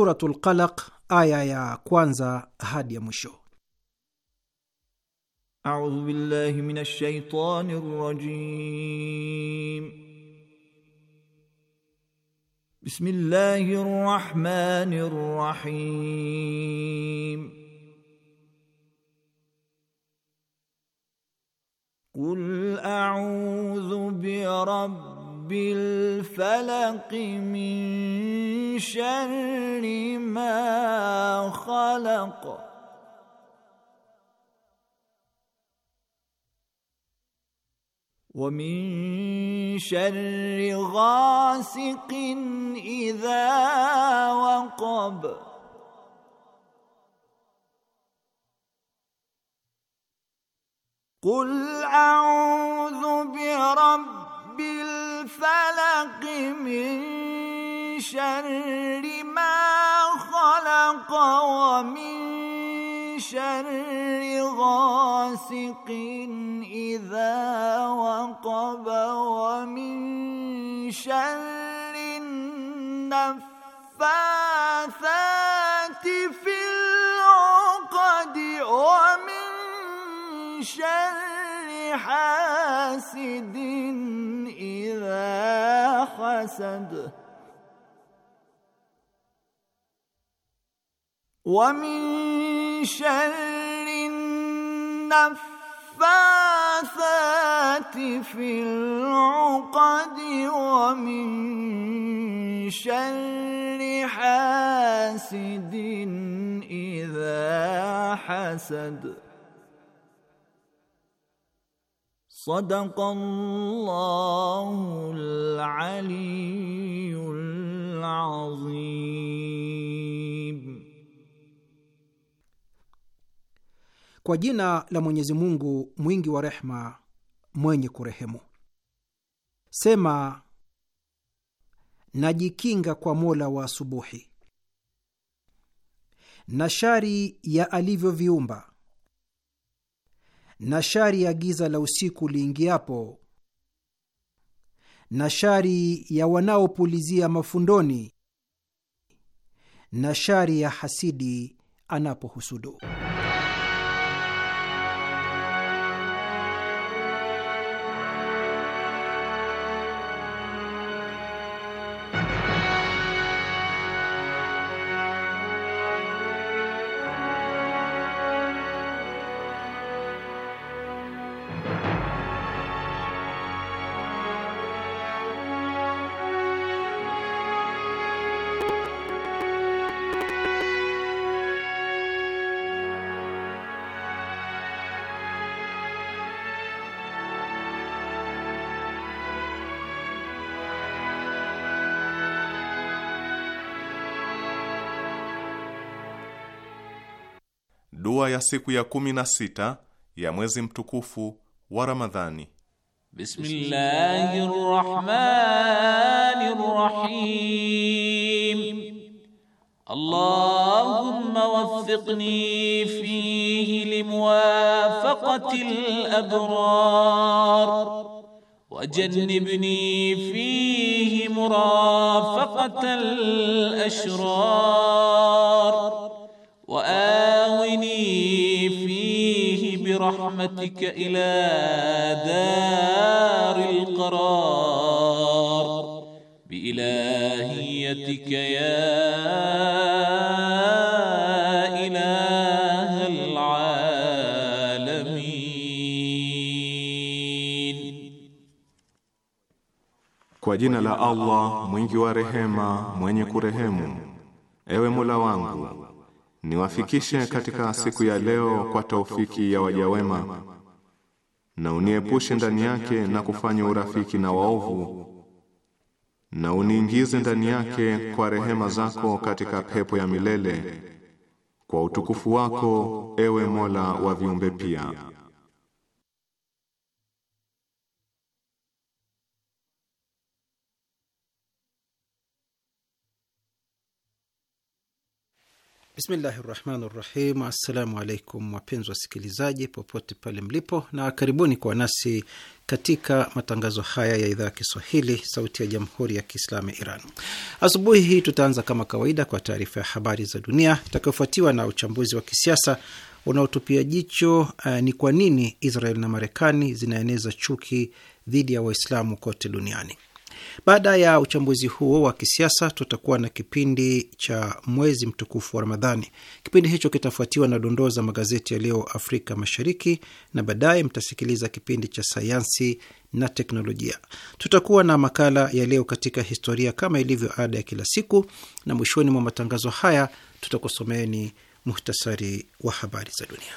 Suratul Qalaq aya ya kwanza hadi ya mwisho. A'udhu billahi minash shaitani rrajim. Bismillahir rahmanir rahim. a'udhu bi برب الفلق من شر ما خلق ومن شر غاسق إذا وقب قل أعوذ برب الفلق من شر ما خلق ومن شر غاسق إذا وقب ومن شر النفاثات في العقد ومن شر حاسد إذا حسد ومن شر النفاثات في العقد ومن شر حاسد إذا حسد صدق الله العلي العظيم Kwa jina la Mwenyezi Mungu mwingi wa rehma mwenye kurehemu. Sema, najikinga kwa Mola wa asubuhi na shari ya alivyoviumba na shari ya giza la usiku liingiapo na shari ya wanaopulizia mafundoni na shari ya hasidi anapohusudu. siku ya kumi na sita ya mwezi mtukufu wa Ramadhani. Bismillahir Rahmanir Rahim. Allahumma waffiqni fihi limuwafaqatil abrar. وجنبني فيه مرافقة ashrar. برحمتك إلى دار القرار بإلهيتك يا إله العالمين Kwa jina la Allah mwingi wa rehema mwenye kurehemu, ewe Mola wangu niwafikishe katika siku ya leo kwa taufiki ya waja wema na uniepushe ndani yake na kufanya urafiki na waovu na uniingize ndani yake kwa rehema zako katika pepo ya milele kwa utukufu wako ewe Mola wa viumbe pia Bismillahi rahmani rahim. Assalamu alaikum wapenzi wasikilizaji popote pale mlipo, na karibuni kwa nasi katika matangazo haya ya idhaa ya Kiswahili sauti ya jamhuri ya Kiislamu ya Iran. Asubuhi hii tutaanza kama kawaida kwa taarifa ya habari za dunia itakayofuatiwa na uchambuzi wa kisiasa unaotupia jicho uh, ni kwa nini Israel na Marekani zinaeneza chuki dhidi ya Waislamu kote duniani. Baada ya uchambuzi huo wa kisiasa, tutakuwa na kipindi cha mwezi mtukufu wa Ramadhani. Kipindi hicho kitafuatiwa na dondoo za magazeti ya leo Afrika Mashariki, na baadaye mtasikiliza kipindi cha sayansi na teknolojia. Tutakuwa na makala ya leo katika historia kama ilivyo ada ya kila siku, na mwishoni mwa matangazo haya tutakusomeeni muhtasari wa habari za dunia.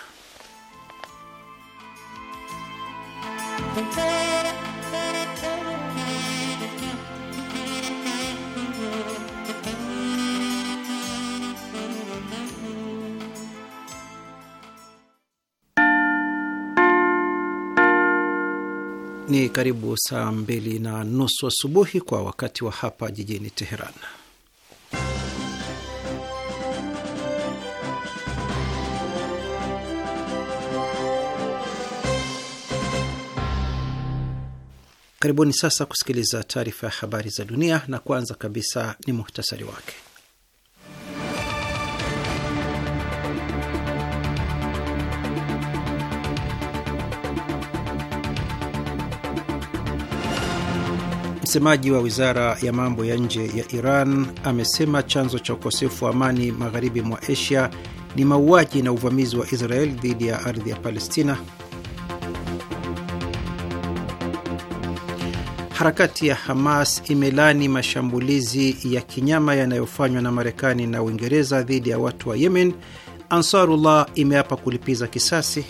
Ni karibu saa mbili na nusu asubuhi wa kwa wakati wa hapa jijini Teheran. Karibuni sasa kusikiliza taarifa ya habari za dunia, na kwanza kabisa ni muhtasari wake. Msemaji wa wizara ya mambo ya nje ya Iran amesema chanzo cha ukosefu wa amani magharibi mwa Asia ni mauaji na uvamizi wa Israel dhidi ya ardhi ya Palestina. Harakati ya Hamas imelani mashambulizi ya kinyama yanayofanywa na Marekani na Uingereza dhidi ya watu wa Yemen. Ansarullah imeapa kulipiza kisasi.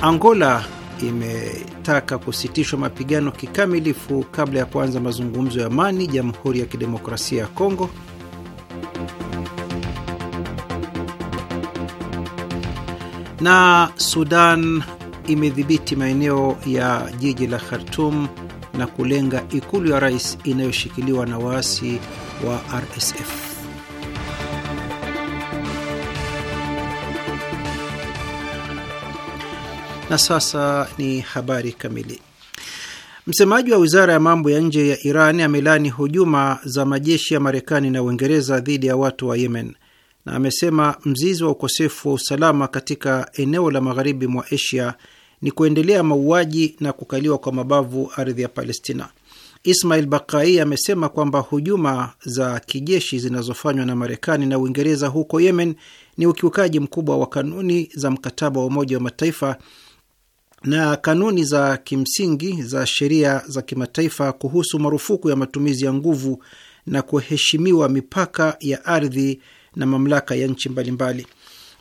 Angola imetaka kusitishwa mapigano kikamilifu kabla ya kuanza mazungumzo ya amani Jamhuri ya Kidemokrasia ya Kongo. Na Sudan imedhibiti maeneo ya jiji la Khartum na kulenga ikulu ya rais inayoshikiliwa na waasi wa RSF. Na sasa ni habari kamili. Msemaji wa wizara ya mambo ya nje ya Iran amelani hujuma za majeshi ya Marekani na Uingereza dhidi ya watu wa Yemen na amesema mzizi wa ukosefu wa usalama katika eneo la magharibi mwa Asia ni kuendelea mauaji na kukaliwa kwa mabavu ardhi ya Palestina. Ismail Bakai amesema kwamba hujuma za kijeshi zinazofanywa na Marekani na Uingereza huko Yemen ni ukiukaji mkubwa wa kanuni za mkataba wa Umoja wa Mataifa na kanuni za kimsingi za sheria za kimataifa kuhusu marufuku ya matumizi ya nguvu na kuheshimiwa mipaka ya ardhi na mamlaka ya nchi mbalimbali.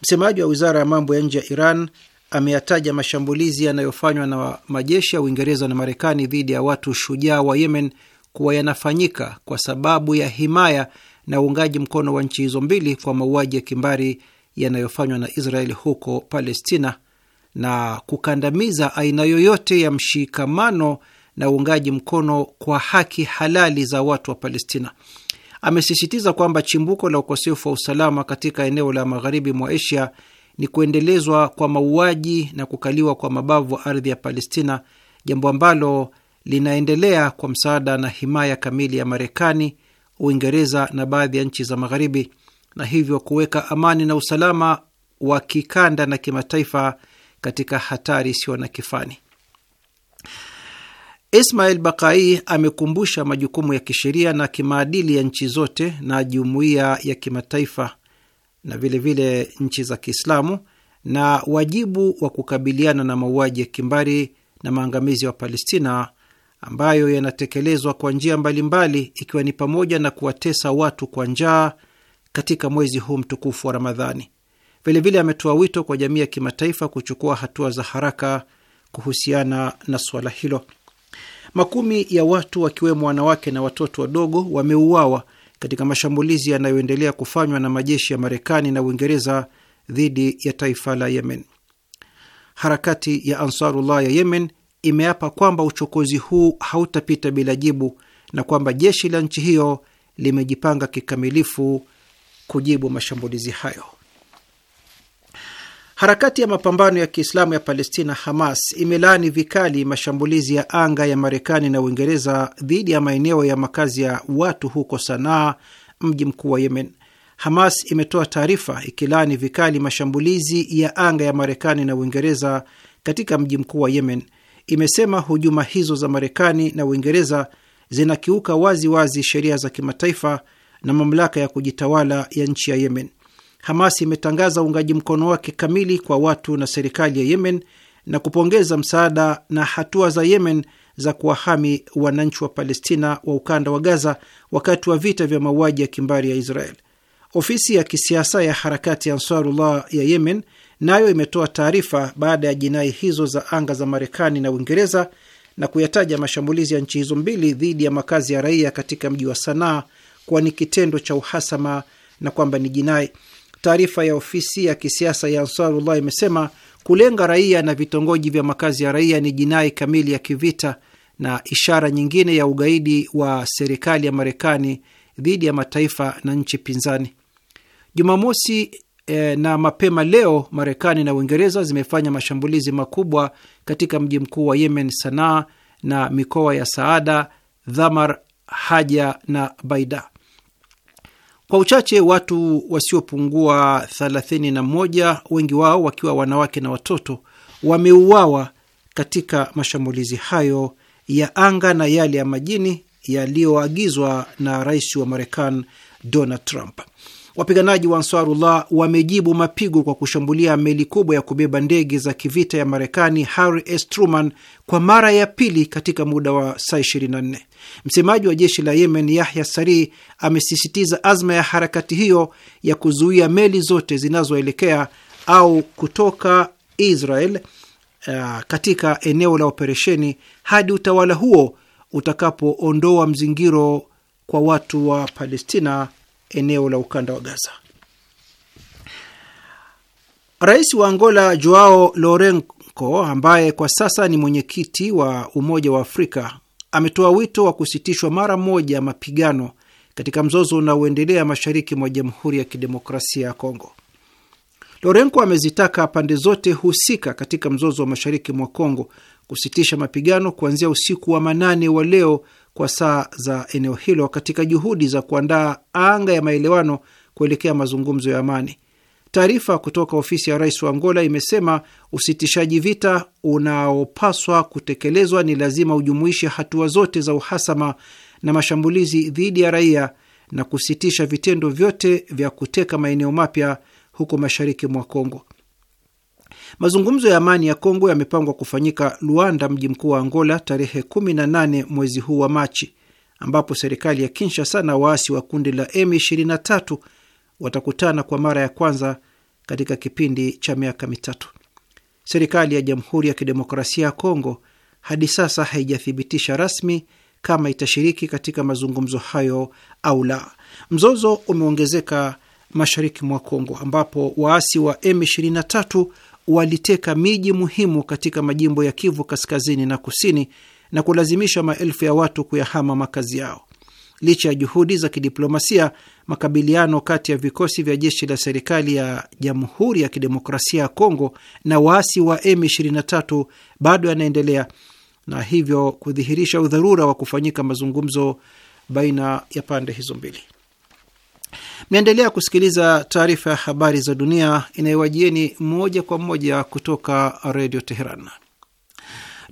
Msemaji wa wizara ya mambo ya nje ya Iran ameyataja mashambulizi yanayofanywa na majeshi ya Uingereza na Marekani dhidi ya watu shujaa wa Yemen kuwa yanafanyika kwa sababu ya himaya na uungaji mkono wa nchi hizo mbili kwa mauaji ya kimbari yanayofanywa na Israeli huko Palestina na kukandamiza aina yoyote ya mshikamano na uungaji mkono kwa haki halali za watu wa Palestina. Amesisitiza kwamba chimbuko la ukosefu wa usalama katika eneo la magharibi mwa Asia ni kuendelezwa kwa mauaji na kukaliwa kwa mabavu ardhi ya Palestina, jambo ambalo linaendelea kwa msaada na himaya kamili ya Marekani, Uingereza na baadhi ya nchi za Magharibi, na hivyo kuweka amani na usalama wa kikanda na kimataifa katika hatari isiyo na kifani. Ismail Bakai amekumbusha majukumu ya kisheria na kimaadili ya nchi zote na jumuiya ya kimataifa na vilevile vile nchi za Kiislamu na wajibu wa kukabiliana na mauaji ya kimbari na maangamizi wa Palestina ambayo yanatekelezwa kwa njia mbalimbali ikiwa ni pamoja na kuwatesa watu kwa njaa katika mwezi huu mtukufu wa Ramadhani Vilevile ametoa wito kwa jamii ya kimataifa kuchukua hatua za haraka kuhusiana na suala hilo. Makumi ya watu wakiwemo wanawake na watoto wadogo wameuawa katika mashambulizi yanayoendelea kufanywa na majeshi ya Marekani na Uingereza dhidi ya taifa la Yemen. Harakati ya Ansarullah ya Yemen imeapa kwamba uchokozi huu hautapita bila jibu na kwamba jeshi la nchi hiyo limejipanga kikamilifu kujibu mashambulizi hayo. Harakati ya mapambano ya Kiislamu ya Palestina, Hamas, imelaani vikali mashambulizi ya anga ya Marekani na Uingereza dhidi ya maeneo ya makazi ya watu huko Sanaa, mji mkuu wa Yemen. Hamas imetoa taarifa ikilaani vikali mashambulizi ya anga ya Marekani na Uingereza katika mji mkuu wa Yemen. Imesema hujuma hizo za Marekani na Uingereza zinakiuka wazi wazi sheria za kimataifa na mamlaka ya kujitawala ya nchi ya Yemen. Hamas imetangaza uungaji mkono wake kamili kwa watu na serikali ya Yemen na kupongeza msaada na hatua za Yemen za kuwahami wananchi wa Palestina wa ukanda wa Gaza wakati wa vita vya mauaji ya kimbari ya Israel. Ofisi ya kisiasa ya harakati ya Ansarullah ya Yemen nayo imetoa taarifa baada ya jinai hizo za anga za Marekani na Uingereza na kuyataja mashambulizi ya nchi hizo mbili dhidi ya makazi ya raia katika mji wa Sanaa kuwa ni kitendo cha uhasama na kwamba ni jinai. Taarifa ya ofisi ya kisiasa ya Ansarullah imesema kulenga raia na vitongoji vya makazi ya raia ni jinai kamili ya kivita na ishara nyingine ya ugaidi wa serikali ya Marekani dhidi ya mataifa na nchi pinzani. Jumamosi e, na mapema leo Marekani na Uingereza zimefanya mashambulizi makubwa katika mji mkuu wa Yemen, Sanaa, na mikoa ya Saada, Dhamar, Haja na Baida. Kwa uchache watu wasiopungua 31 wengi wao wakiwa wanawake na watoto wameuawa katika mashambulizi hayo ya anga na yale ya majini yaliyoagizwa na rais wa Marekani Donald Trump. Wapiganaji wa Ansarullah wamejibu mapigo kwa kushambulia meli kubwa ya kubeba ndege za kivita ya Marekani Harry S Truman kwa mara ya pili katika muda wa saa 24. Msemaji wa jeshi la Yemen Yahya Sari amesisitiza azma ya harakati hiyo ya kuzuia meli zote zinazoelekea au kutoka Israel uh, katika eneo la operesheni hadi utawala huo utakapoondoa mzingiro kwa watu wa Palestina eneo la ukanda wa Gaza. Rais wa Angola Joao Lourenco, ambaye kwa sasa ni mwenyekiti wa Umoja wa Afrika, ametoa wito wa kusitishwa mara moja mapigano katika mzozo unaoendelea mashariki mwa Jamhuri ya Kidemokrasia ya Kongo. Lourenco amezitaka pande zote husika katika mzozo wa mashariki mwa Kongo kusitisha mapigano kuanzia usiku wa manane wa leo kwa saa za eneo hilo katika juhudi za kuandaa anga ya maelewano kuelekea mazungumzo ya amani. Taarifa kutoka ofisi ya rais wa Angola imesema usitishaji vita unaopaswa kutekelezwa ni lazima ujumuishe hatua zote za uhasama na mashambulizi dhidi ya raia na kusitisha vitendo vyote vya kuteka maeneo mapya huko mashariki mwa Kongo. Mazungumzo ya amani ya Kongo yamepangwa kufanyika Luanda, mji mkuu wa Angola, tarehe 18 mwezi huu wa Machi, ambapo serikali ya Kinshasa na waasi wa kundi la M23 watakutana kwa mara ya kwanza katika kipindi cha miaka mitatu. Serikali ya Jamhuri ya Kidemokrasia ya Kongo hadi sasa haijathibitisha rasmi kama itashiriki katika mazungumzo hayo au la. Mzozo umeongezeka mashariki mwa Kongo ambapo waasi wa M23 waliteka miji muhimu katika majimbo ya Kivu kaskazini na kusini na kulazimisha maelfu ya watu kuyahama makazi yao. Licha ya juhudi za kidiplomasia, makabiliano kati ya vikosi vya jeshi la serikali ya Jamhuri ya Kidemokrasia ya Kongo na waasi wa M23 bado yanaendelea na hivyo kudhihirisha udharura wa kufanyika mazungumzo baina ya pande hizo mbili. Mnaendelea kusikiliza taarifa ya habari za dunia inayowajieni moja kwa moja kutoka redio Teheran.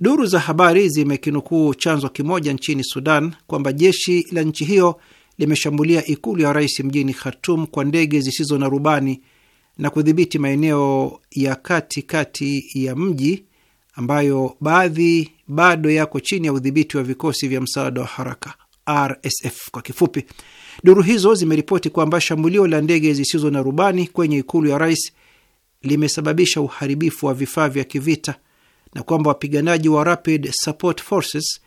Duru za habari zimekinukuu chanzo kimoja nchini Sudan kwamba jeshi la nchi hiyo limeshambulia ikulu ya rais mjini Khartum kwa ndege zisizo na rubani na kudhibiti maeneo ya kati kati ya mji ambayo baadhi bado yako chini ya udhibiti wa vikosi vya msaada wa haraka RSF kwa kifupi. Duru hizo zimeripoti kwamba shambulio la ndege zisizo na rubani kwenye ikulu ya rais limesababisha uharibifu wa vifaa vya kivita na kwamba wapiganaji wa Rapid Support Forces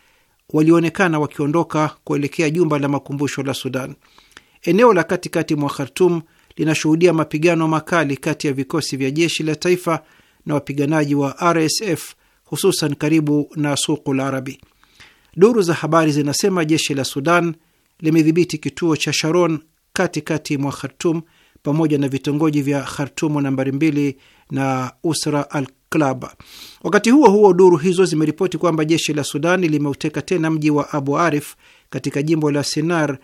walionekana wakiondoka kuelekea jumba la makumbusho la Sudan. Eneo la katikati mwa Khartum linashuhudia mapigano makali kati ya vikosi vya jeshi la taifa na wapiganaji wa RSF hususan karibu na suku la Arabi. Duru za habari zinasema jeshi la Sudan limedhibiti kituo cha Sharon katikati mwa Khartum pamoja na vitongoji vya Khartumu nambari mbili na Usra al Klab. Wakati huo huo, duru hizo zimeripoti kwamba jeshi la Sudani limeuteka tena mji wa Abu Arif katika jimbo la Sinar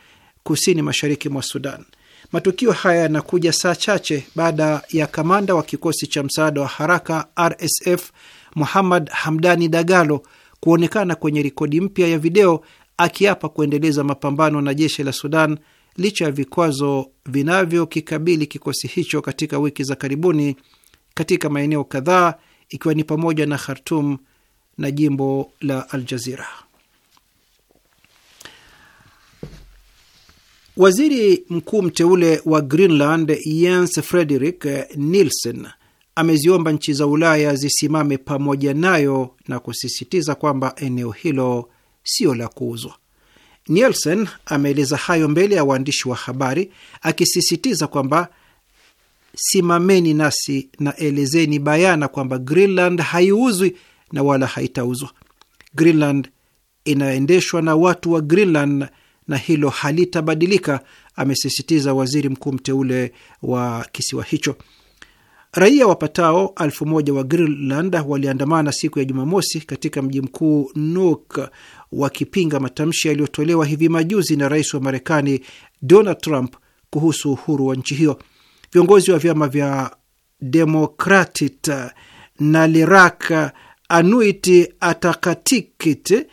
kusini mashariki mwa Sudan. Matukio haya yanakuja saa chache baada ya kamanda wa kikosi cha msaada wa haraka RSF Muhammad Hamdani Dagalo kuonekana kwenye rekodi mpya ya video akiapa kuendeleza mapambano na jeshi la Sudan licha ya vikwazo vinavyokikabili kikosi hicho katika wiki za karibuni katika maeneo kadhaa ikiwa ni pamoja na Khartum na jimbo la Aljazira. Waziri mkuu mteule wa Greenland Jens Frederik Nielsen ameziomba nchi za Ulaya zisimame pamoja nayo na kusisitiza kwamba eneo hilo sio la kuuzwa. Nielsen ameeleza hayo mbele ya waandishi wa habari akisisitiza kwamba simameni nasi na elezeni bayana kwamba Greenland haiuzwi na wala haitauzwa. Greenland inaendeshwa na watu wa Greenland na hilo halitabadilika, amesisitiza waziri mkuu mteule wa kisiwa hicho. Raia wapatao elfu moja wa Greenland waliandamana siku ya Jumamosi katika mji mkuu Nuuk wakipinga matamshi yaliyotolewa hivi majuzi na rais wa Marekani Donald Trump kuhusu uhuru wa nchi hiyo. Viongozi wa vyama vya Democratic na Lirak Anuit Atakatikit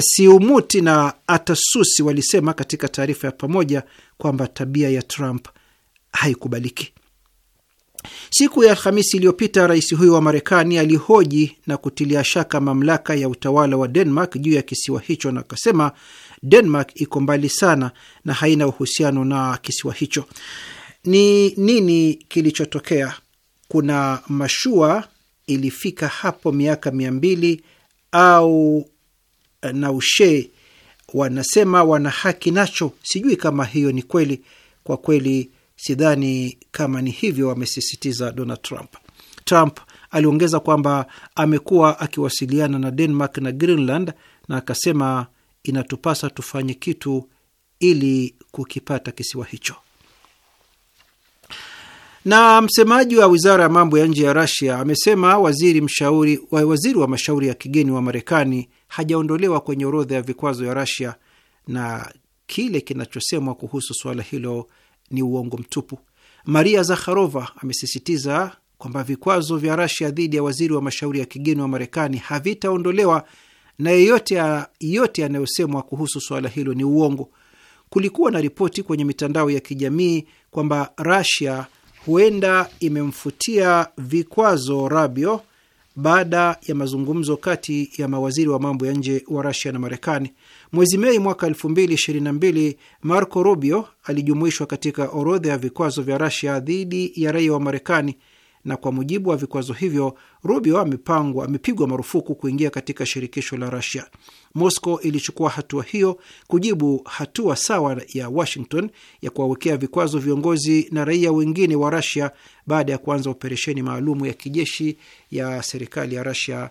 Siumuti na Atasusi walisema katika taarifa ya pamoja kwamba tabia ya Trump haikubaliki. Siku ya Alhamisi iliyopita rais huyo wa Marekani alihoji na kutilia shaka mamlaka ya utawala wa Denmark juu ya kisiwa hicho na akasema Denmark iko mbali sana na haina uhusiano na kisiwa hicho. Ni nini kilichotokea? Kuna mashua ilifika hapo miaka mia mbili au eh, ushe wanasema wana haki nacho. Sijui kama hiyo ni kweli. Kwa kweli Sidhani kama ni hivyo, amesisitiza Donald Trump. Trump aliongeza kwamba amekuwa akiwasiliana na Denmark na Greenland na akasema inatupasa tufanye kitu ili kukipata kisiwa hicho. Na msemaji wa wizara ya mambo ya nje ya Rasia amesema waziri mshauri wa waziri wa mashauri ya kigeni wa Marekani hajaondolewa kwenye orodha ya vikwazo ya Rasia na kile kinachosemwa kuhusu suala hilo ni uongo mtupu. Maria Zakharova amesisitiza kwamba vikwazo vya Rasia dhidi ya waziri wa mashauri ya kigeni wa Marekani havitaondolewa na yeyote yote yanayosemwa kuhusu suala hilo ni uongo. Kulikuwa na ripoti kwenye mitandao ya kijamii kwamba Rasia huenda imemfutia vikwazo Rabio baada ya mazungumzo kati ya mawaziri wa mambo ya nje wa Rasia na Marekani. Mwezi Mei mwaka 2022 Marco Rubio alijumuishwa katika orodha ya vikwazo vya Rasia dhidi ya raia wa Marekani, na kwa mujibu wa vikwazo hivyo Rubio amepangwa amepigwa marufuku kuingia katika shirikisho la Rasia. Moscow ilichukua hatua hiyo kujibu hatua sawa ya Washington ya kuwawekea vikwazo viongozi na raia wengine wa Rasia baada ya kuanza operesheni maalumu ya kijeshi ya serikali ya Rasia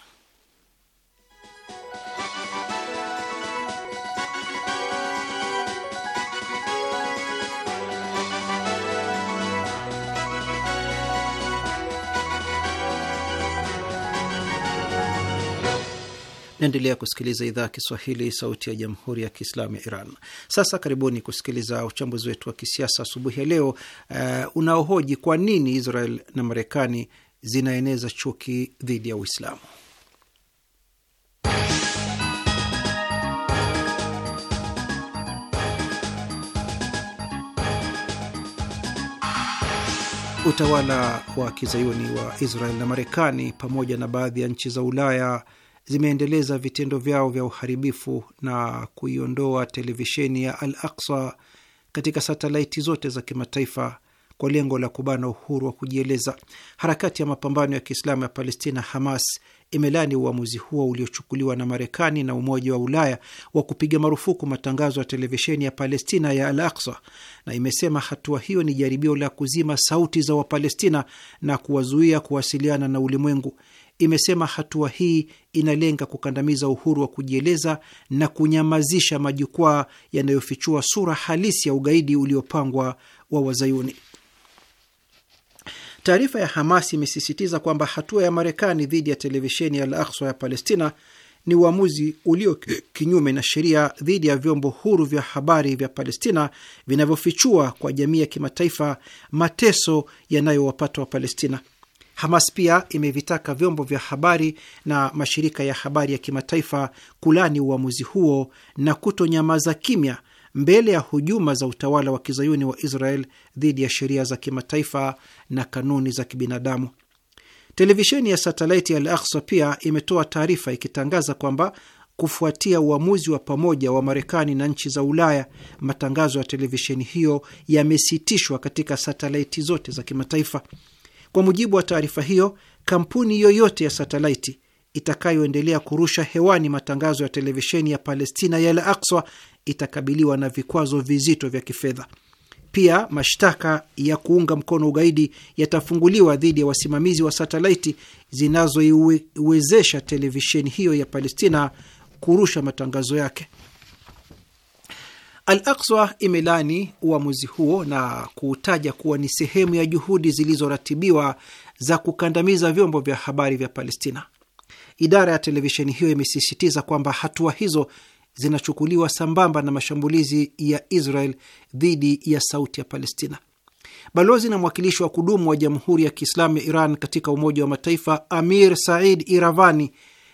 Naendelea kusikiliza idhaa ya Kiswahili, sauti ya jamhuri ya kiislamu ya Iran. Sasa karibuni kusikiliza uchambuzi wetu wa kisiasa asubuhi ya leo uh, unaohoji kwa nini Israel na Marekani zinaeneza chuki dhidi ya Uislamu. Utawala wa kizayuni wa Israel na Marekani pamoja na baadhi ya nchi za Ulaya zimeendeleza vitendo vyao vya uharibifu na kuiondoa televisheni ya Al Aksa katika satelaiti zote za kimataifa kwa lengo la kubana uhuru wa kujieleza. Harakati ya mapambano ya Kiislamu ya Palestina, Hamas, imelani uamuzi huo uliochukuliwa na Marekani na Umoja wa Ulaya wa kupiga marufuku matangazo ya televisheni ya Palestina ya Al Aksa, na imesema hatua hiyo ni jaribio la kuzima sauti za Wapalestina na kuwazuia kuwasiliana na ulimwengu imesema hatua hii inalenga kukandamiza uhuru wa kujieleza na kunyamazisha majukwaa yanayofichua sura halisi ya ugaidi uliopangwa wa Wazayuni. Taarifa ya Hamas imesisitiza kwamba hatua ya Marekani dhidi ya televisheni ya Al Aqsa ya Palestina ni uamuzi ulio kinyume na sheria dhidi ya vyombo huru vya habari vya Palestina vinavyofichua kwa jamii ya kimataifa mateso yanayowapata Wapalestina. Hamas pia imevitaka vyombo vya habari na mashirika ya habari ya kimataifa kulani uamuzi huo na kutonyamaza kimya mbele ya hujuma za utawala wa kizayuni wa Israel dhidi ya sheria za kimataifa na kanuni za kibinadamu. Televisheni ya satelaiti ya Al Aksa pia imetoa taarifa ikitangaza kwamba kufuatia uamuzi wa pamoja wa Marekani na nchi za Ulaya, matangazo ya televisheni hiyo yamesitishwa katika satelaiti zote za kimataifa. Kwa mujibu wa taarifa hiyo, kampuni yoyote ya satelaiti itakayoendelea kurusha hewani matangazo ya televisheni ya Palestina ya Al Aqsa itakabiliwa na vikwazo vizito vya kifedha. Pia mashtaka ya kuunga mkono ugaidi yatafunguliwa dhidi ya wasimamizi wa satelaiti zinazoiwezesha televisheni hiyo ya Palestina kurusha matangazo yake. Al Aqsa imelani uamuzi huo na kuutaja kuwa ni sehemu ya juhudi zilizoratibiwa za kukandamiza vyombo vya habari vya Palestina. Idara ya televisheni hiyo imesisitiza kwamba hatua hizo zinachukuliwa sambamba na mashambulizi ya Israel dhidi ya sauti ya Palestina. Balozi na mwakilishi wa kudumu wa Jamhuri ya Kiislamu ya Iran katika Umoja wa Mataifa Amir Said Iravani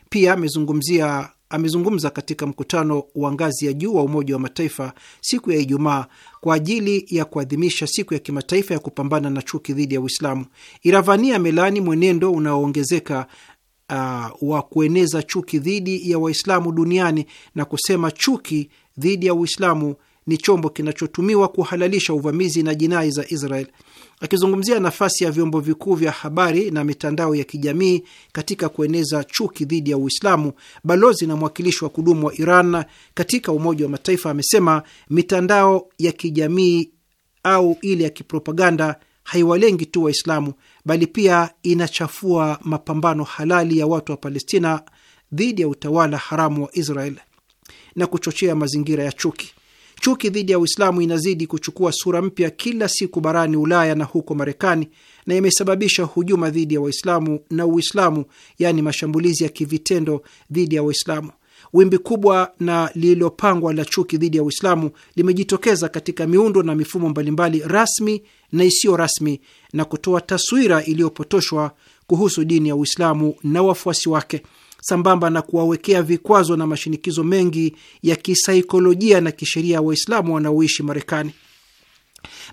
pia amezungumzia amezungumza katika mkutano wa ngazi ya juu wa Umoja wa Mataifa siku ya Ijumaa kwa ajili ya kuadhimisha siku ya kimataifa ya kupambana na chuki dhidi ya Uislamu. Iravani amelaani mwenendo unaoongezeka uh, wa kueneza chuki dhidi ya Waislamu duniani na kusema chuki dhidi ya Uislamu ni chombo kinachotumiwa kuhalalisha uvamizi na jinai za Israel Akizungumzia nafasi ya vyombo vikuu vya habari na mitandao ya kijamii katika kueneza chuki dhidi ya Uislamu, balozi na mwakilishi wa kudumu wa Iran katika Umoja wa Mataifa amesema mitandao ya kijamii au ile ya kipropaganda haiwalengi tu Waislamu bali pia inachafua mapambano halali ya watu wa Palestina dhidi ya utawala haramu wa Israel na kuchochea mazingira ya chuki. Chuki dhidi ya Uislamu inazidi kuchukua sura mpya kila siku barani Ulaya na huko Marekani, na imesababisha hujuma dhidi ya Waislamu na Uislamu, yaani mashambulizi ya kivitendo dhidi ya Waislamu. Wimbi kubwa na lililopangwa la chuki dhidi ya Uislamu limejitokeza katika miundo na mifumo mbalimbali rasmi na isiyo rasmi na kutoa taswira iliyopotoshwa kuhusu dini ya Uislamu na wafuasi wake sambamba na kuwawekea vikwazo na mashinikizo mengi ya kisaikolojia na kisheria Waislamu wanaoishi Marekani.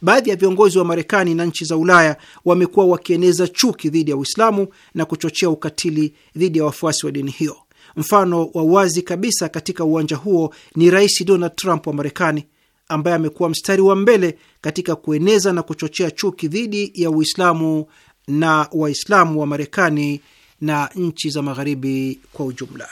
Baadhi ya viongozi wa Marekani na nchi za Ulaya wamekuwa wakieneza chuki dhidi ya Uislamu na kuchochea ukatili dhidi ya wafuasi wa dini hiyo. Mfano wa wazi kabisa katika uwanja huo ni Rais Donald Trump wa Marekani ambaye amekuwa mstari wa mbele katika kueneza na kuchochea chuki dhidi ya Uislamu na Waislamu wa Marekani na nchi za magharibi kwa ujumla.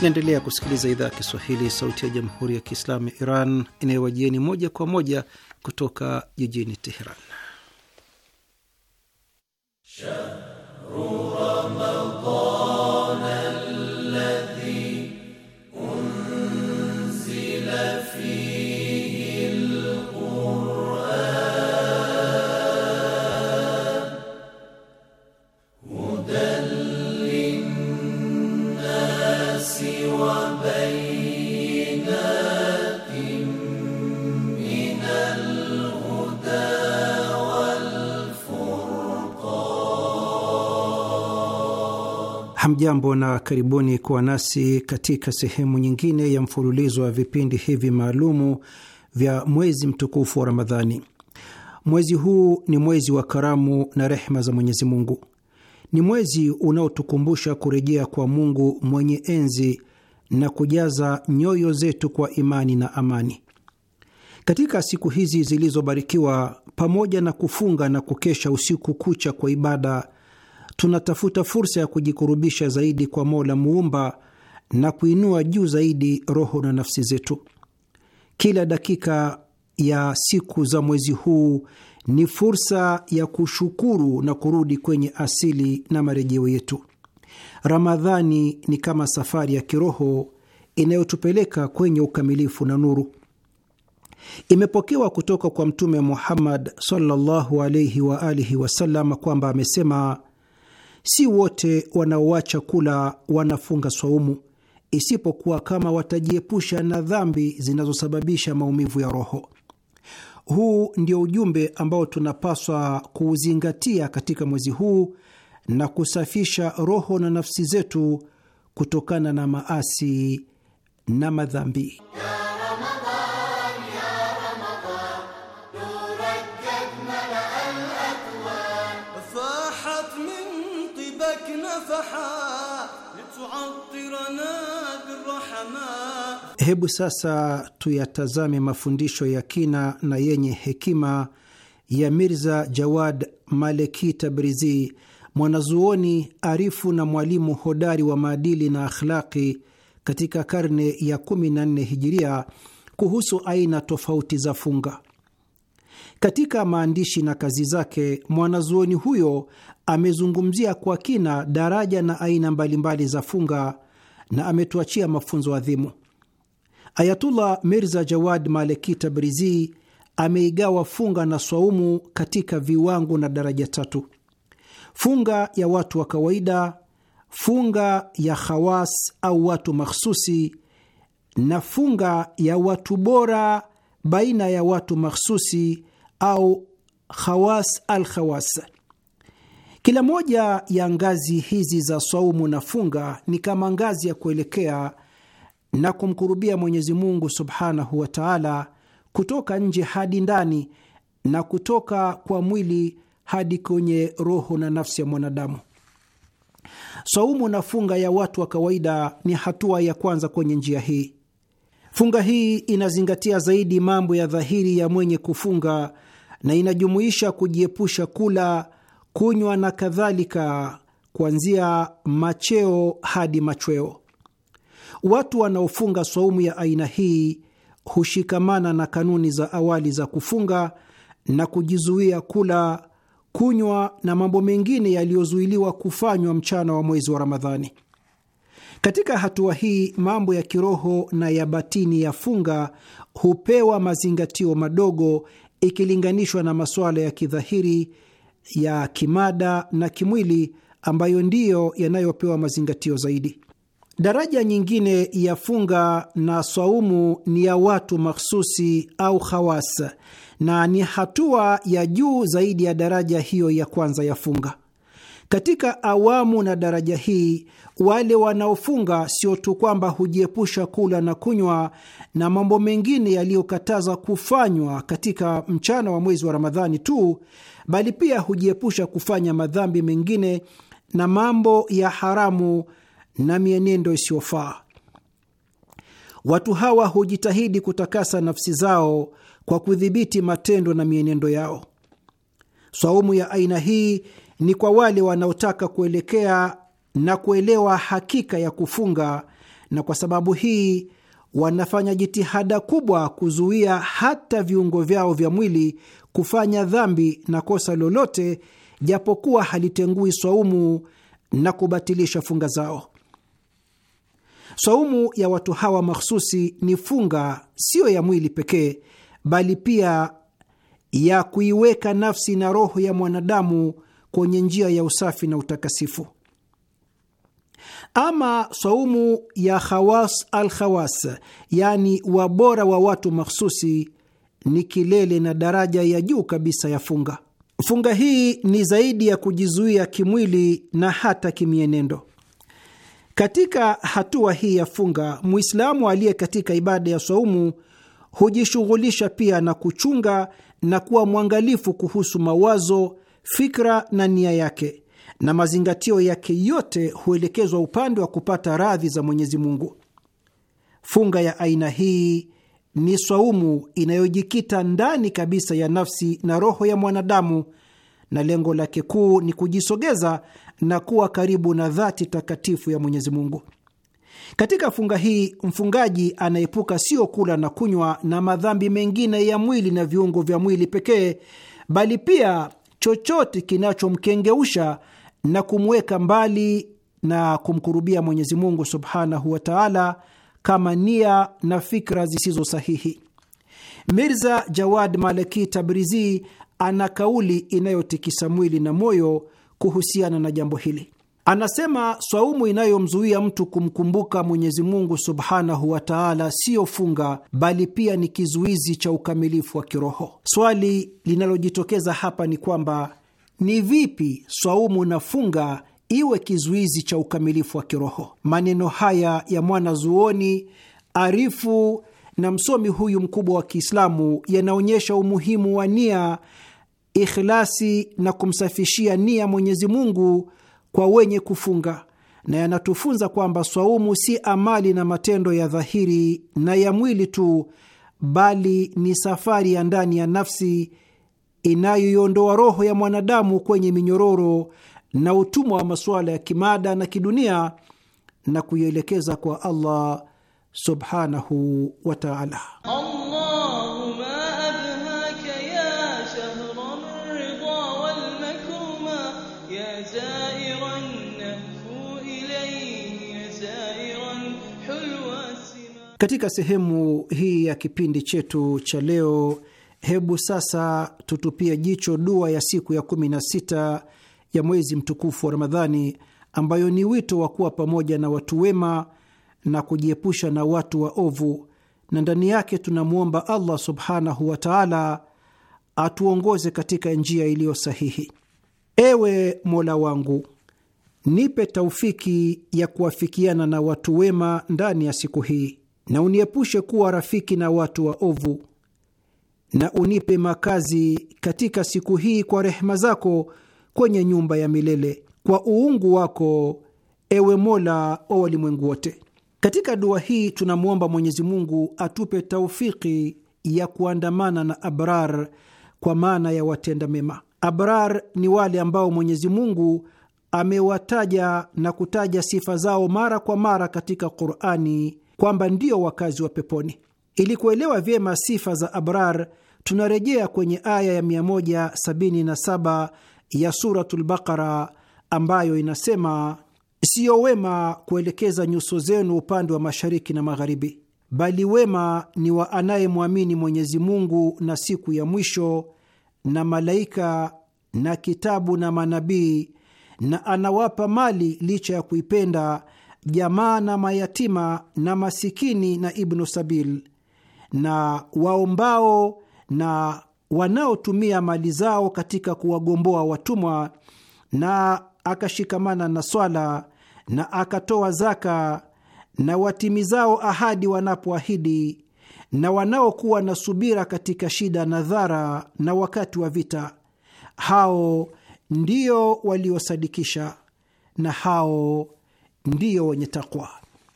Naendelea kusikiliza idhaa ya Kiswahili, sauti ya jamhuri ya kiislamu ya Iran inayowajieni moja kwa moja kutoka jijini Teheran. شهر رمضان Hamjambo na karibuni kuwa nasi katika sehemu nyingine ya mfululizo wa vipindi hivi maalumu vya mwezi mtukufu wa Ramadhani. Mwezi huu ni mwezi wa karamu na rehma za Mwenyezi Mungu. Ni mwezi unaotukumbusha kurejea kwa Mungu mwenye enzi na kujaza nyoyo zetu kwa imani na amani. Katika siku hizi zilizobarikiwa, pamoja na kufunga na kukesha usiku kucha kwa ibada tunatafuta fursa ya kujikurubisha zaidi kwa Mola Muumba na kuinua juu zaidi roho na nafsi zetu. Kila dakika ya siku za mwezi huu ni fursa ya kushukuru na kurudi kwenye asili na marejeo yetu. Ramadhani ni kama safari ya kiroho inayotupeleka kwenye ukamilifu na nuru. Imepokewa kutoka kwa Mtume Muhammad sallallahu alaihi wa alihi wasallam kwamba amesema Si wote wanaoacha kula wanafunga swaumu, isipokuwa kama watajiepusha na dhambi zinazosababisha maumivu ya roho. Huu ndio ujumbe ambao tunapaswa kuuzingatia katika mwezi huu na kusafisha roho na nafsi zetu kutokana na maasi na madhambi. Hebu sasa tuyatazame mafundisho ya kina na yenye hekima ya Mirza Jawad Maleki Tabrizi, mwanazuoni arifu na mwalimu hodari wa maadili na akhlaqi katika karne ya 14 Hijiria, kuhusu aina tofauti za funga. Katika maandishi na kazi zake, mwanazuoni huyo amezungumzia kwa kina daraja na aina mbalimbali za funga na ametuachia mafunzo adhimu. Ayatullah Mirza Jawad Maleki Tabrizi ameigawa funga na swaumu katika viwango na daraja tatu: funga ya watu wa kawaida, funga ya khawas au watu makhsusi, na funga ya watu bora baina ya watu makhsusi au khawas al khawas. Kila moja ya ngazi hizi za swaumu na funga ni kama ngazi ya kuelekea na kumkurubia Mwenyezi Mungu subhanahu wa taala kutoka nje hadi ndani na kutoka kwa mwili hadi kwenye roho na nafsi ya mwanadamu. Saumu na funga ya watu wa kawaida ni hatua ya kwanza kwenye njia hii. Funga hii inazingatia zaidi mambo ya dhahiri ya mwenye kufunga na inajumuisha kujiepusha kula, kunywa na kadhalika, kuanzia macheo hadi machweo. Watu wanaofunga saumu ya aina hii hushikamana na kanuni za awali za kufunga na kujizuia kula, kunywa na mambo mengine yaliyozuiliwa kufanywa mchana wa mwezi wa Ramadhani. Katika hatua hii, mambo ya kiroho na ya batini ya funga hupewa mazingatio madogo ikilinganishwa na masuala ya kidhahiri ya kimada na kimwili ambayo ndiyo yanayopewa mazingatio zaidi. Daraja nyingine ya funga na swaumu ni ya watu makhususi au khawas, na ni hatua ya juu zaidi ya daraja hiyo ya kwanza ya funga. Katika awamu na daraja hii, wale wanaofunga sio tu kwamba hujiepusha kula na kunywa na mambo mengine yaliyokataza kufanywa katika mchana wa mwezi wa Ramadhani tu, bali pia hujiepusha kufanya madhambi mengine na mambo ya haramu na mienendo isiyofaa. Watu hawa hujitahidi kutakasa nafsi zao kwa kudhibiti matendo na mienendo yao. Swaumu ya aina hii ni kwa wale wanaotaka kuelekea na kuelewa hakika ya kufunga, na kwa sababu hii wanafanya jitihada kubwa kuzuia hata viungo vyao vya mwili kufanya dhambi na kosa lolote, japokuwa halitengui swaumu na kubatilisha funga zao. Saumu ya watu hawa mahsusi ni funga, siyo ya mwili pekee, bali pia ya kuiweka nafsi na roho ya mwanadamu kwenye njia ya usafi na utakasifu. Ama saumu ya khawas al khawas, yaani wabora wa watu mahsusi, ni kilele na daraja ya juu kabisa ya funga. Funga hii ni zaidi ya kujizuia kimwili na hata kimienendo. Katika hatua hii ya funga, Mwislamu aliye katika ibada ya saumu hujishughulisha pia na kuchunga na kuwa mwangalifu kuhusu mawazo, fikra na nia yake, na mazingatio yake yote huelekezwa upande wa kupata radhi za Mwenyezi Mungu. Funga ya aina hii ni swaumu inayojikita ndani kabisa ya nafsi na roho ya mwanadamu, na lengo lake kuu ni kujisogeza na kuwa karibu na dhati takatifu ya Mwenyezi Mungu. Katika funga hii mfungaji anaepuka sio kula na kunywa na madhambi mengine ya mwili na viungo vya mwili pekee, bali pia chochote kinachomkengeusha na kumweka mbali na kumkurubia Mwenyezi Mungu subhanahu wa taala, kama nia na fikra zisizo sahihi. Mirza Jawad maleki Tabrizi ana kauli inayotikisa mwili na moyo kuhusiana na jambo hili. Anasema swaumu inayomzuia mtu kumkumbuka Mwenyezi Mungu subhanahu wa taala siyo funga, bali pia ni kizuizi cha ukamilifu wa kiroho. Swali linalojitokeza hapa ni kwamba ni vipi swaumu na funga iwe kizuizi cha ukamilifu wa kiroho? Maneno haya ya mwanazuoni arifu na msomi huyu mkubwa wa Kiislamu yanaonyesha umuhimu wa nia ikhlasi na kumsafishia nia Mwenyezi Mungu kwa wenye kufunga, na yanatufunza kwamba swaumu si amali na matendo ya dhahiri na ya mwili tu, bali ni safari ya ndani ya nafsi inayoiondoa roho ya mwanadamu kwenye minyororo na utumwa wa masuala ya kimada na kidunia na kuielekeza kwa Allah subhanahu wa taala. Katika sehemu hii ya kipindi chetu cha leo, hebu sasa tutupie jicho dua ya siku ya sita ya mwezi mtukufu wa Ramadhani, ambayo ni wito wa kuwa pamoja na watu wema na kujiepusha na watu wa ovu na ndani yake tunamwomba Allah subhanahu wa taala atuongoze katika njia iliyo sahihi. Ewe Mola wangu, nipe taufiki ya kuwafikiana na watu wema ndani ya siku hii na uniepushe kuwa rafiki na watu waovu, na unipe makazi katika siku hii kwa rehema zako kwenye nyumba ya milele kwa uungu wako, ewe Mola wa walimwengu wote. Katika dua hii tunamwomba Mwenyezi Mungu atupe taufiki ya kuandamana na abrar kwa maana ya watenda mema. Abrar ni wale ambao Mwenyezi Mungu amewataja na kutaja sifa zao mara kwa mara katika Qurani kwamba ndio wakazi wa peponi. Ili kuelewa vyema sifa za abrar, tunarejea kwenye aya ya 177 ya Suratul Baqara ambayo inasema, siyo wema kuelekeza nyuso zenu upande wa mashariki na magharibi, bali wema ni wa anayemwamini Mwenyezi Mungu na siku ya mwisho na malaika na kitabu na manabii, na anawapa mali licha ya kuipenda jamaa na mayatima na masikini na Ibnu Sabil na waombao na wanaotumia mali zao katika kuwagomboa watumwa, na akashikamana na swala na akatoa zaka na watimizao ahadi wanapoahidi na wanaokuwa na subira katika shida na dhara na wakati wa vita, hao ndio waliosadikisha na hao ndiyo wenye takwa.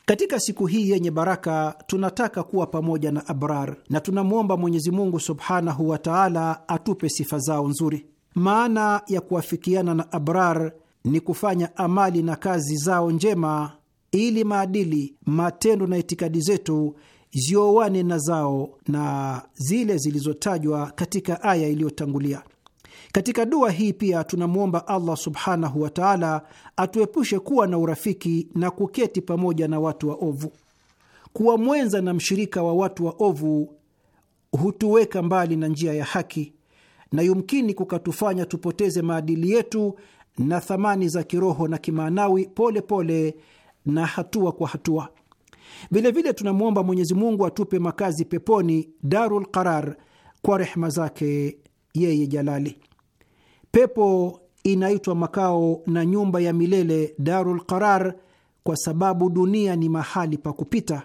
Katika siku hii yenye baraka tunataka kuwa pamoja na abrar na tunamwomba Mwenyezi Mungu subhanahu wa taala atupe sifa zao nzuri. Maana ya kuafikiana na abrar ni kufanya amali na kazi zao njema, ili maadili, matendo na itikadi zetu ziowane na zao na zile zilizotajwa katika aya iliyotangulia. Katika dua hii pia tunamwomba Allah subhanahu wa taala atuepushe kuwa na urafiki na kuketi pamoja na watu wa ovu Kuwa mwenza na mshirika wa watu wa ovu hutuweka mbali na njia ya haki na yumkini kukatufanya tupoteze maadili yetu na thamani za kiroho na kimaanawi pole pole na hatua kwa hatua. Vilevile tunamwomba Mwenyezi Mungu atupe makazi peponi darul qarar kwa rehma zake yeye Jalali. Pepo inaitwa makao na nyumba ya milele Darul Qarar kwa sababu dunia ni mahali pa kupita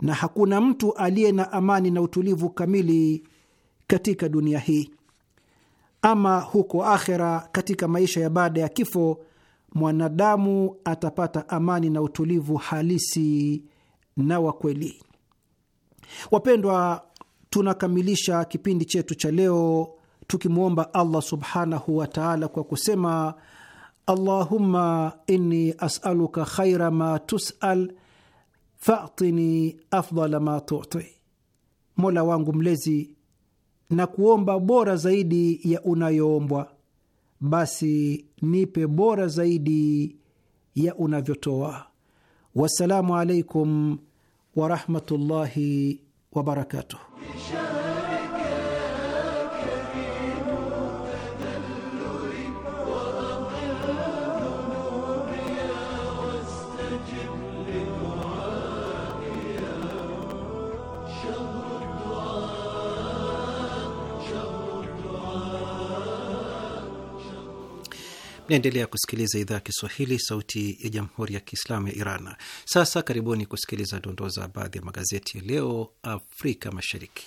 na hakuna mtu aliye na amani na utulivu kamili katika dunia hii. Ama huko akhera, katika maisha ya baada ya kifo, mwanadamu atapata amani na utulivu halisi na wa kweli. Wapendwa, tunakamilisha kipindi chetu cha leo tukimwomba Allah subhanahu wa taala kwa kusema Allahumma inni asaluka khaira ma tusal fatini afdala ma tuti, Mola wangu mlezi, na kuomba bora zaidi ya unayoombwa, basi nipe bora zaidi ya unavyotoa. Wassalamu alaikum warahmatullahi wabarakatuh. Naendelea kusikiliza idhaa ya Kiswahili, sauti ya jamhuri ya kiislamu ya Iran. Sasa karibuni kusikiliza dondoo za baadhi ya magazeti ya leo Afrika Mashariki.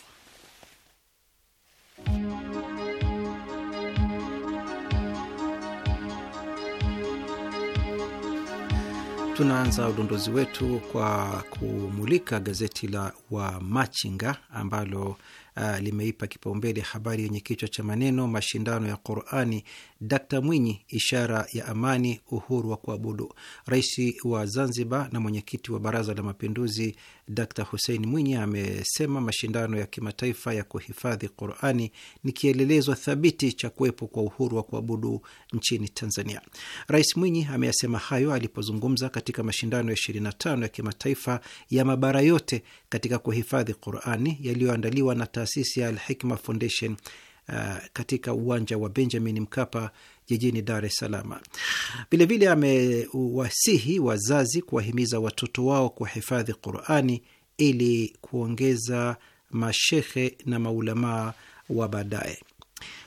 Tunaanza udondozi wetu kwa kumulika gazeti la Wamachinga ambalo uh, limeipa kipaumbele habari yenye kichwa cha maneno mashindano ya Qurani, Dkt Mwinyi ishara ya amani, uhuru wa kuabudu. Rais wa Zanzibar na mwenyekiti wa Baraza la Mapinduzi Dkt Hussein Mwinyi amesema mashindano ya kimataifa ya kuhifadhi Qurani ni kielelezo thabiti cha kuwepo kwa uhuru wa kuabudu nchini Tanzania. Rais Mwinyi ameyasema hayo alipozungumza katika mashindano ya 25 ya kimataifa ya mabara yote katika kuhifadhi Qurani yaliyoandaliwa na taasisi ya Alhikma Foundation uh, katika uwanja wa Benjamin Mkapa jijini Dar es Salaam. Vilevile amewasihi wazazi kuwahimiza watoto wao kuhifadhi Qurani ili kuongeza mashehe na maulamaa wa baadaye.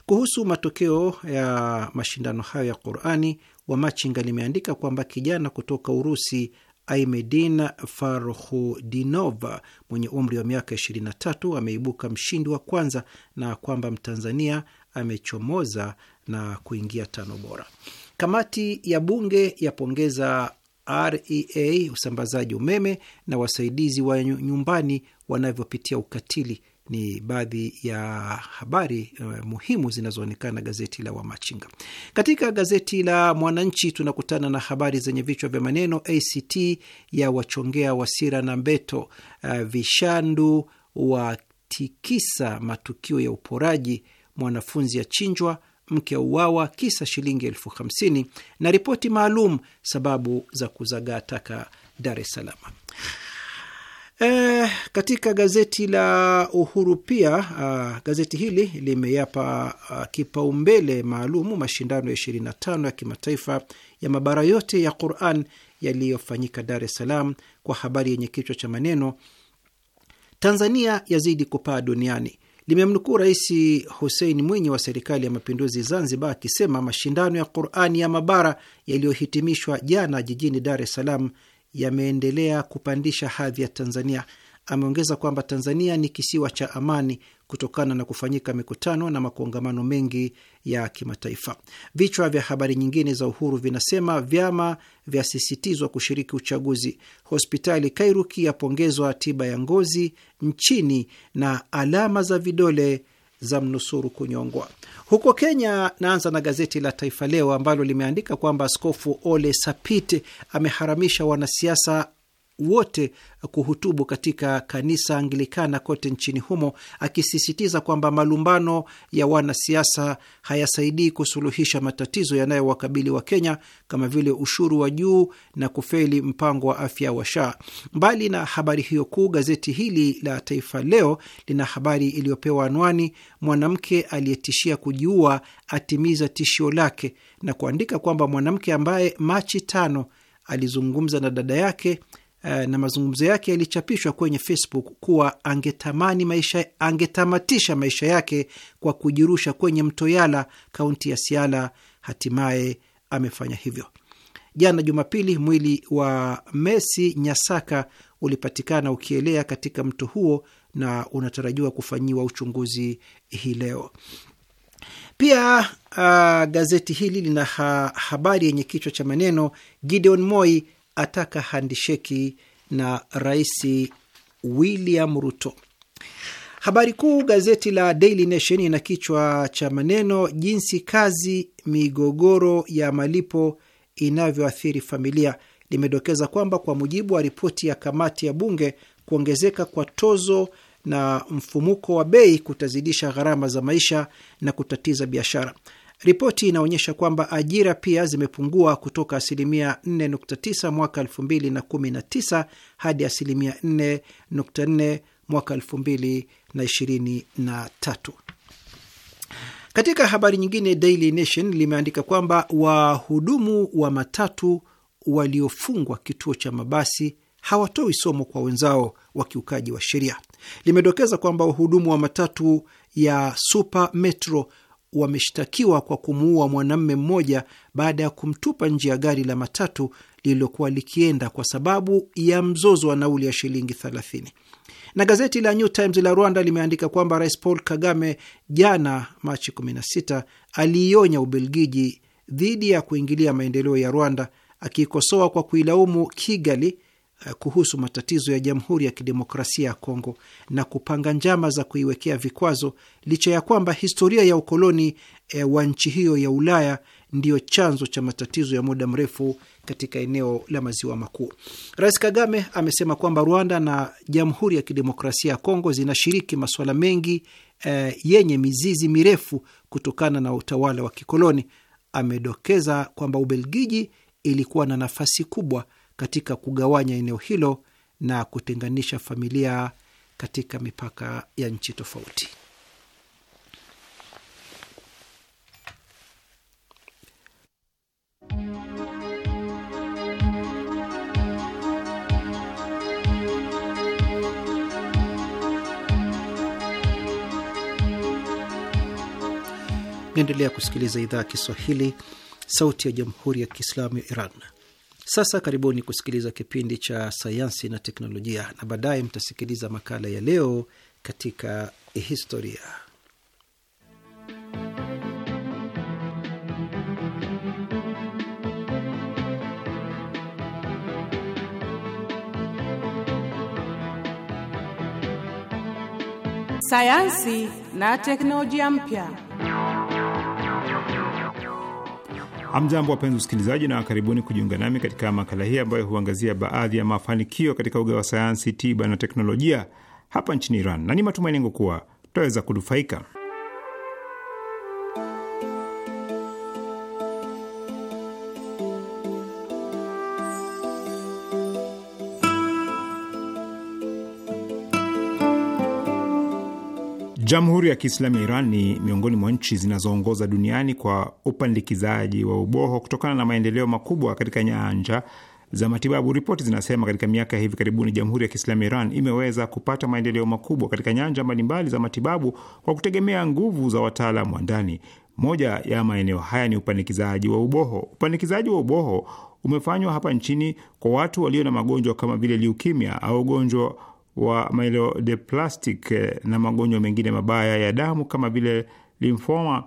Kuhusu matokeo ya mashindano hayo ya Qurani, Wamachinga limeandika kwamba kijana kutoka Urusi Aimedin Farhudinova mwenye umri wa miaka 23 ameibuka mshindi wa kwanza na kwamba Mtanzania amechomoza na kuingia tano bora. Kamati ya bunge yapongeza REA usambazaji umeme na wasaidizi wa nyumbani wanavyopitia ukatili ni baadhi ya habari uh, muhimu zinazoonekana gazeti la Wamachinga. Katika gazeti la Mwananchi tunakutana na habari zenye vichwa vya maneno ACT ya wachongea Wasira na Mbeto, uh, vishandu watikisa matukio ya uporaji, mwanafunzi achinjwa, mke auawa kisa shilingi elfu hamsini na ripoti maalum sababu za kuzagaa taka Dar es Salaam. Eh, katika gazeti la Uhuru pia uh, gazeti hili limeyapa uh, kipaumbele maalum mashindano ya 25 ya kimataifa ya mabara yote ya Quran yaliyofanyika Dar es Salaam kwa habari yenye kichwa cha maneno Tanzania yazidi kupaa duniani. Limemnukuu Rais Hussein Mwinyi wa Serikali ya Mapinduzi Zanzibar akisema mashindano ya Qurani ya mabara yaliyohitimishwa jana jijini Dar es Salaam yameendelea kupandisha hadhi ya Tanzania. Ameongeza kwamba Tanzania ni kisiwa cha amani kutokana na kufanyika mikutano na makongamano mengi ya kimataifa. Vichwa vya habari nyingine za Uhuru vinasema vyama vyasisitizwa kushiriki uchaguzi, hospitali Kairuki yapongezwa tiba ya ngozi nchini, na alama za vidole za mnusuru kunyongwa. Huko Kenya, naanza na gazeti la Taifa Leo ambalo limeandika kwamba Askofu Ole Sapit ameharamisha wanasiasa wote kuhutubu katika kanisa Anglikana kote nchini humo, akisisitiza kwamba malumbano ya wanasiasa hayasaidii kusuluhisha matatizo yanayowakabili kenya kama vile ushuru wa juu na kufeli mpango wa afya wa SHA. Mbali na habari hiyo kuu, gazeti hili la Taifa Leo lina habari iliyopewa anwani, mwanamke aliyetishia kujiua atimiza tishio lake, na kuandika kwamba mwanamke ambaye Machi tano alizungumza na dada yake Eh, na mazungumzo yake yalichapishwa kwenye Facebook kuwa angetamani maisha, angetamatisha maisha yake kwa kujirusha kwenye mto Yala, kaunti ya Siala. Hatimaye amefanya hivyo. Jana Jumapili, mwili wa Messi Nyasaka ulipatikana ukielea katika mto huo na unatarajiwa kufanyiwa uchunguzi hii leo. Pia uh, gazeti hili lina ha habari yenye kichwa cha maneno Gideon Moi ataka handisheki na Rais William Ruto. Habari kuu gazeti la Daily Nation ina kichwa cha maneno jinsi kazi, migogoro ya malipo inavyoathiri familia. Limedokeza kwamba kwa mujibu wa ripoti ya kamati ya Bunge, kuongezeka kwa tozo na mfumuko wa bei kutazidisha gharama za maisha na kutatiza biashara. Ripoti inaonyesha kwamba ajira pia zimepungua kutoka asilimia 4.9 mwaka 2019 hadi asilimia 4.4 mwaka 2023. Katika habari nyingine, Daily Nation limeandika kwamba wahudumu wa matatu waliofungwa kituo cha mabasi hawatoi somo kwa wenzao wa kiukaji wa sheria. Limedokeza kwamba wahudumu wa matatu ya Super Metro wameshtakiwa kwa kumuua mwanamme mmoja baada ya kumtupa nje ya gari la matatu lililokuwa likienda kwa sababu ya mzozo wa nauli ya shilingi 30. Na gazeti la New Times la Rwanda limeandika kwamba Rais Paul Kagame jana Machi 16 aliionya Ubelgiji dhidi ya kuingilia maendeleo ya Rwanda, akiikosoa kwa kuilaumu Kigali Eh, kuhusu matatizo ya Jamhuri ya Kidemokrasia ya Kongo na kupanga njama za kuiwekea vikwazo, licha ya kwamba historia ya ukoloni e, wa nchi hiyo ya Ulaya ndiyo chanzo cha matatizo ya muda mrefu katika eneo la maziwa makuu. Rais Kagame amesema kwamba Rwanda na Jamhuri ya Kidemokrasia ya Kongo zinashiriki masuala mengi e, yenye mizizi mirefu kutokana na utawala wa kikoloni. Amedokeza kwamba Ubelgiji ilikuwa na nafasi kubwa katika kugawanya eneo hilo na kutenganisha familia katika mipaka ya nchi tofauti. Naendelea kusikiliza idhaa ya Kiswahili, sauti ya jamhuri ya kiislamu ya Iran. Sasa karibuni kusikiliza kipindi cha sayansi na teknolojia, na baadaye mtasikiliza makala ya leo katika historia. Sayansi na teknolojia mpya. amjambo wapenzi usikilizaji, na karibuni kujiunga nami katika makala hii ambayo huangazia baadhi ya mafanikio katika uga wa sayansi, tiba na teknolojia hapa nchini Iran, na ni matumaini yangu kuwa tutaweza kunufaika. Jamhuri ya Kiislamu ya Iran ni miongoni mwa nchi zinazoongoza duniani kwa upandikizaji wa uboho kutokana na maendeleo makubwa katika nyanja za matibabu. Ripoti zinasema katika miaka ya hivi karibuni Jamhuri ya Kiislamu ya Iran imeweza kupata maendeleo makubwa katika nyanja mbalimbali za matibabu kwa kutegemea nguvu za wataalam wa ndani. Moja ya maeneo haya ni upandikizaji wa uboho. Upandikizaji wa uboho umefanywa hapa nchini kwa watu walio na magonjwa kama vile liukimia au ugonjwa wa myelodysplastic eh, na magonjwa mengine mabaya ya damu kama vile limfoma,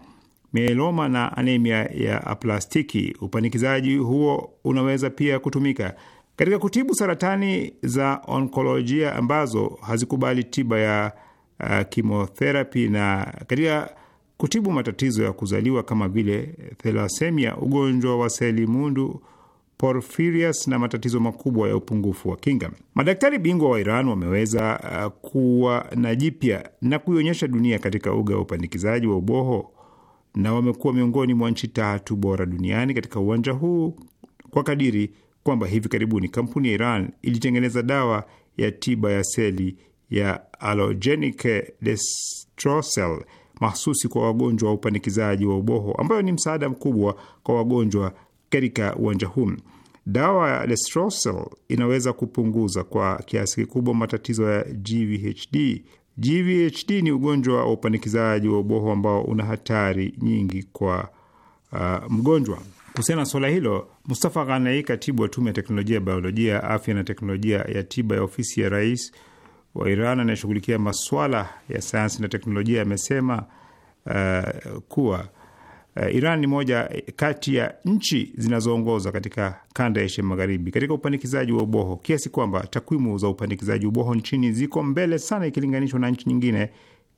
mieloma na anemia ya aplastiki. Upandikizaji huo unaweza pia kutumika katika kutibu saratani za onkolojia ambazo hazikubali tiba ya uh, eh, kimotherapi na katika kutibu matatizo ya kuzaliwa kama vile thelasemia, ugonjwa wa seli mundu porphyrias na matatizo makubwa ya upungufu wa kinga. Madaktari bingwa wa Iran wameweza uh, kuwa na jipya na kuionyesha dunia katika uga wa upandikizaji wa uboho na wamekuwa miongoni mwa nchi tatu bora duniani katika uwanja huu kwa kadiri kwamba hivi karibuni kampuni ya Iran ilitengeneza dawa ya tiba ya seli ya alogenic destrosel mahsusi kwa wagonjwa wa upandikizaji wa uboho ambayo ni msaada mkubwa kwa wagonjwa katika uwanja huu. Dawa ya lestrosel inaweza kupunguza kwa kiasi kikubwa matatizo ya GVHD. GVHD ni ugonjwa wa upandikizaji wa uboho ambao una hatari nyingi kwa uh, mgonjwa. Kuhusiana na suala hilo, Mustafa Ghanai, katibu wa tume ya teknolojia ya biolojia ya afya na teknolojia ya tiba ya ofisi ya rais wa Iran anayeshughulikia maswala ya sayansi na teknolojia amesema uh, kuwa Uh, Iran ni moja eh, kati ya nchi zinazoongoza katika kanda ya Asia Magharibi katika upandikizaji wa uboho kiasi kwamba takwimu za upandikizaji uboho nchini ziko mbele sana ikilinganishwa na nchi nyingine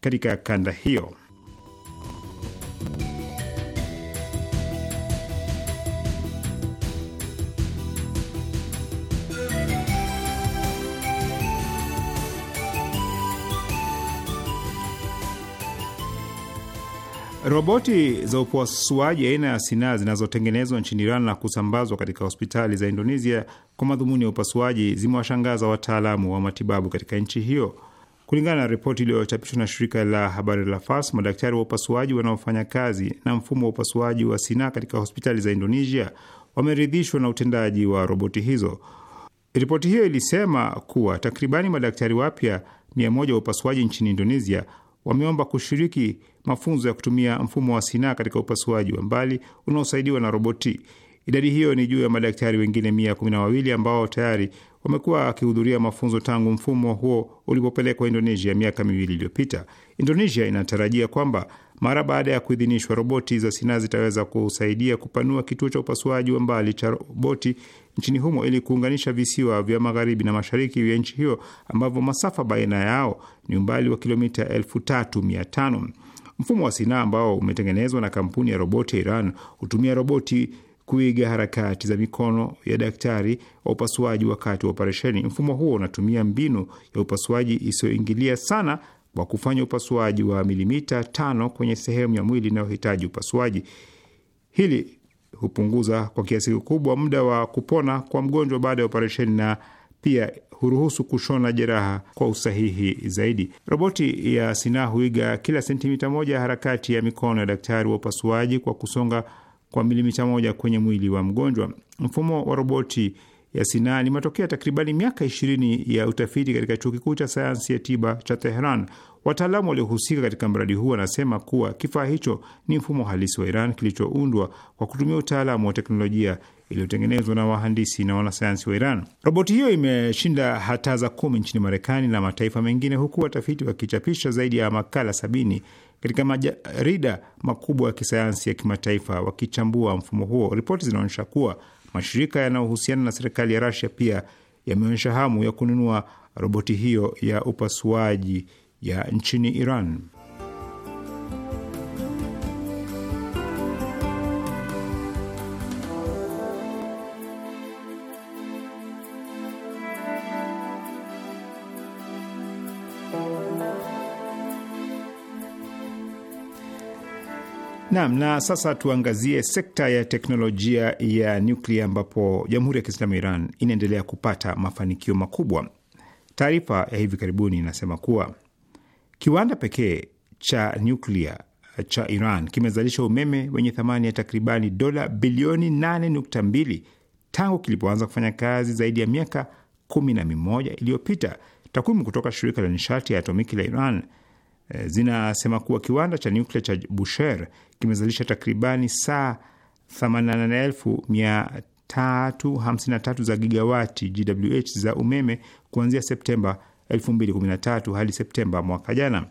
katika kanda hiyo. Roboti za upasuaji aina ya Sina zinazotengenezwa nchini Iran na kusambazwa katika hospitali za Indonesia kwa madhumuni ya upasuaji zimewashangaza wataalamu wa matibabu katika nchi hiyo. Kulingana na ripoti iliyochapishwa na shirika la habari la Fars, madaktari wa upasuaji wanaofanya kazi na mfumo wa upasuaji wa Sina katika hospitali za Indonesia wameridhishwa na utendaji wa roboti hizo. Ripoti hiyo ilisema kuwa takribani madaktari wapya mia moja wa upasuaji nchini Indonesia wameomba kushiriki mafunzo ya kutumia mfumo wa Sina katika upasuaji wa mbali unaosaidiwa na roboti. Idadi hiyo ni juu ya madaktari wengine mia kumi na wawili ambao tayari wamekuwa wakihudhuria mafunzo tangu mfumo huo ulipopelekwa Indonesia miaka miwili iliyopita. Indonesia inatarajia kwamba mara baada ya kuidhinishwa, roboti za Sina zitaweza kusaidia kupanua kituo cha upasuaji wa mbali cha roboti nchini humo ili kuunganisha visiwa vya magharibi na mashariki vya nchi hiyo ambavyo masafa baina yao ni umbali wa kilomita 3500. Mfumo wa Sina ambao umetengenezwa na kampuni ya roboti ya Iran hutumia roboti kuiga harakati za mikono ya daktari wa upasuaji wakati wa operesheni. Mfumo huo unatumia mbinu ya upasuaji isiyoingilia sana wa kufanya upasuaji wa milimita tano kwenye sehemu ya mwili inayohitaji upasuaji. Hili hupunguza kwa kiasi kikubwa muda wa kupona kwa mgonjwa baada ya operesheni na pia huruhusu kushona jeraha kwa usahihi zaidi. Roboti ya Sina huiga kila sentimita moja harakati ya mikono ya daktari wa upasuaji kwa kusonga kwa milimita moja kwenye mwili wa mgonjwa. Mfumo wa roboti ya Sinaa ni matokeo ya takribani miaka ishirini ya utafiti katika chuo kikuu cha sayansi ya tiba cha Tehran. Wataalamu waliohusika katika mradi huu wanasema kuwa kifaa hicho ni mfumo halisi wa Iran kilichoundwa kwa kutumia utaalamu wa teknolojia iliyotengenezwa na wahandisi na wanasayansi wa Iran. Roboti hiyo imeshinda hataza kumi nchini Marekani na mataifa mengine, huku watafiti wakichapisha zaidi ya makala sabini katika majarida makubwa ya kisayansi ya kimataifa wakichambua mfumo huo. Ripoti zinaonyesha kuwa Mashirika yanayohusiana na serikali ya Rasia pia yameonyesha hamu ya kununua roboti hiyo ya upasuaji ya nchini Iran. Naam, na sasa tuangazie sekta ya teknolojia ya nyuklia ambapo Jamhuri ya Kiislamu ya Iran inaendelea kupata mafanikio makubwa. Taarifa ya hivi karibuni inasema kuwa kiwanda pekee cha nyuklia cha Iran kimezalisha umeme wenye thamani ya takribani dola bilioni 8.2 tangu kilipoanza kufanya kazi zaidi ya miaka kumi na mimoja iliyopita. Takwimu kutoka shirika la nishati ya atomiki la Iran Eh, zinasema kuwa kiwanda cha nyuklia cha Busher kimezalisha takribani saa 88353 za gigawati GWH za umeme kuanzia Septemba 2013 hadi Septemba mwaka jana.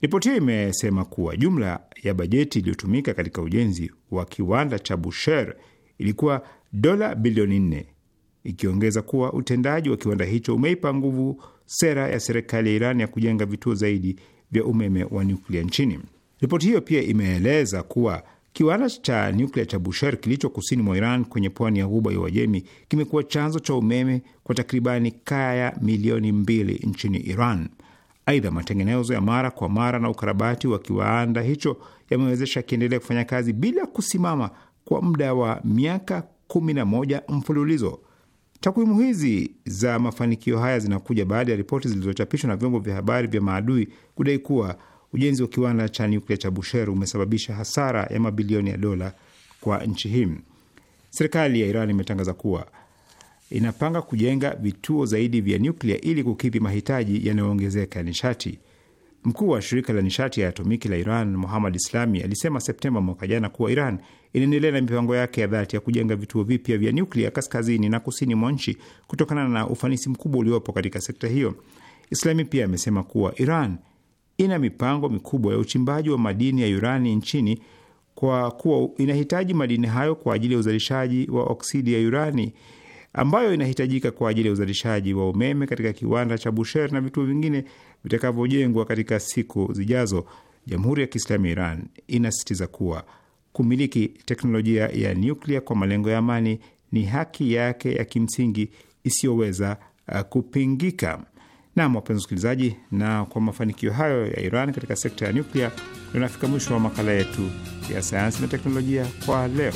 Ripoti hiyo imesema kuwa jumla ya bajeti iliyotumika katika ujenzi wa kiwanda cha Busher ilikuwa dola bilioni 4, ikiongeza kuwa utendaji wa kiwanda hicho umeipa nguvu sera ya serikali ya Iran ya kujenga vituo zaidi vya umeme wa nyuklia nchini. Ripoti hiyo pia imeeleza kuwa kiwanda cha nyuklia cha Bushehr kilicho kusini mwa Iran kwenye pwani ya ghuba ya Uajemi kimekuwa chanzo cha umeme kwa takribani kaya milioni mbili nchini Iran. Aidha, matengenezo ya mara kwa mara na ukarabati wa kiwanda hicho yamewezesha kiendelea kufanya kazi bila kusimama kwa muda wa miaka 11 mfululizo. Takwimu hizi za mafanikio haya zinakuja baada ya ripoti zilizochapishwa na vyombo vya habari vya maadui kudai kuwa ujenzi wa kiwanda cha nyuklia cha Bushehr umesababisha hasara ya mabilioni ya dola kwa nchi hii. Serikali ya Iran imetangaza kuwa inapanga kujenga vituo zaidi vya nyuklia ili kukidhi mahitaji yanayoongezeka ya nishati. Mkuu wa shirika la nishati ya atomiki la Iran Muhammad Islami alisema Septemba mwaka jana kuwa Iran inaendelea na mipango yake ya dhati ya kujenga vituo vipya vya nyuklia kaskazini na kusini mwa nchi kutokana na ufanisi mkubwa uliopo katika sekta hiyo. Islami pia amesema kuwa Iran ina mipango mikubwa ya uchimbaji wa madini ya urani nchini kwa kuwa inahitaji madini hayo kwa ajili ya uzalishaji wa oksidi ya urani ambayo inahitajika kwa ajili ya uzalishaji wa umeme katika kiwanda cha Busher na vituo vingine vitakavyojengwa katika siku zijazo. Jamhuri ya Kiislamu ya Iran inasisitiza kuwa kumiliki teknolojia ya nyuklia kwa malengo ya amani ni haki yake ya kimsingi isiyoweza uh, kupingika. Nam, wapenzi wasikilizaji, na kwa mafanikio hayo ya Iran katika sekta ya nyuklia, tunafika mwisho wa makala yetu ya sayansi na teknolojia kwa leo.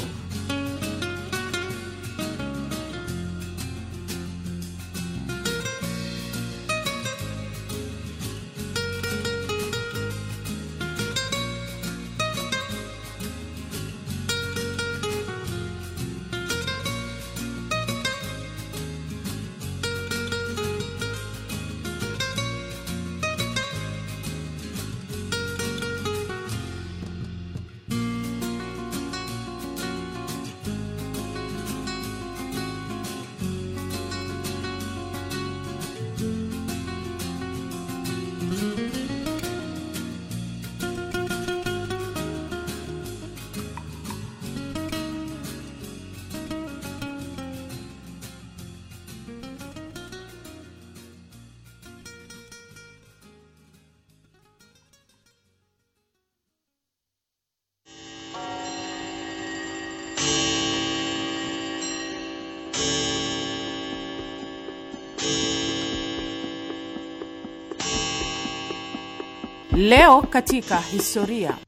katika historia.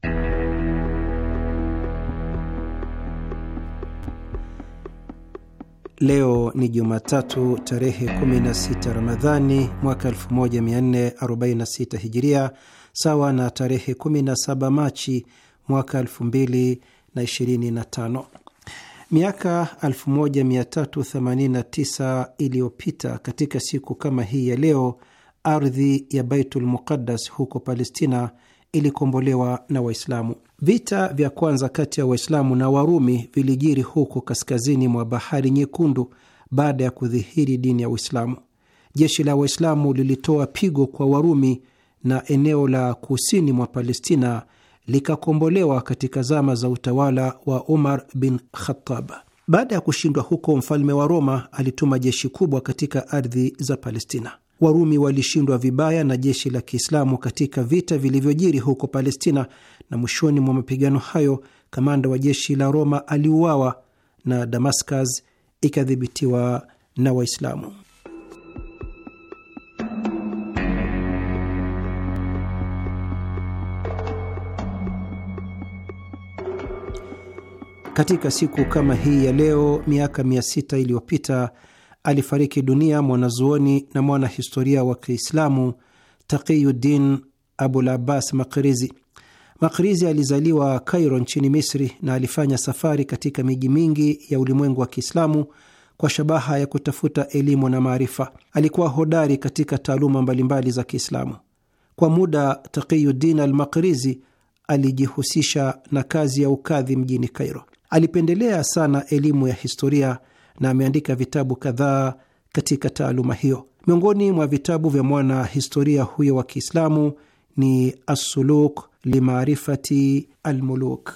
Leo ni Jumatatu tarehe 16 Ramadhani mwaka 1446 Hijiria, sawa na tarehe 17 Machi mwaka 2025. Miaka 1389 iliyopita katika siku kama hii ya leo, ardhi ya Baitul Muqaddas huko Palestina ilikombolewa na Waislamu. Vita vya kwanza kati ya Waislamu na Warumi vilijiri huko kaskazini mwa Bahari Nyekundu baada ya kudhihiri dini ya Uislamu. Jeshi la Waislamu lilitoa pigo kwa Warumi na eneo la kusini mwa Palestina likakombolewa katika zama za utawala wa Umar bin Khattab. Baada ya kushindwa huko, mfalme wa Roma alituma jeshi kubwa katika ardhi za Palestina. Warumi walishindwa vibaya na jeshi la Kiislamu katika vita vilivyojiri huko Palestina, na mwishoni mwa mapigano hayo kamanda wa jeshi la Roma aliuawa na Damascus ikadhibitiwa na Waislamu. Katika siku kama hii ya leo miaka 6 iliyopita alifariki dunia mwanazuoni na mwanahistoria wa Kiislamu Taqiyuddin Abul Abbas Makrizi. Makrizi alizaliwa Kairo nchini Misri na alifanya safari katika miji mingi ya ulimwengu wa Kiislamu kwa shabaha ya kutafuta elimu na maarifa. Alikuwa hodari katika taaluma mbalimbali za Kiislamu. Kwa muda, Taqiyuddin al-Makrizi alijihusisha na kazi ya ukadhi mjini Kairo. Alipendelea sana elimu ya historia na ameandika vitabu kadhaa katika taaluma hiyo. Miongoni mwa vitabu vya mwana historia huyo wa Kiislamu ni Assuluk limaarifati almuluk.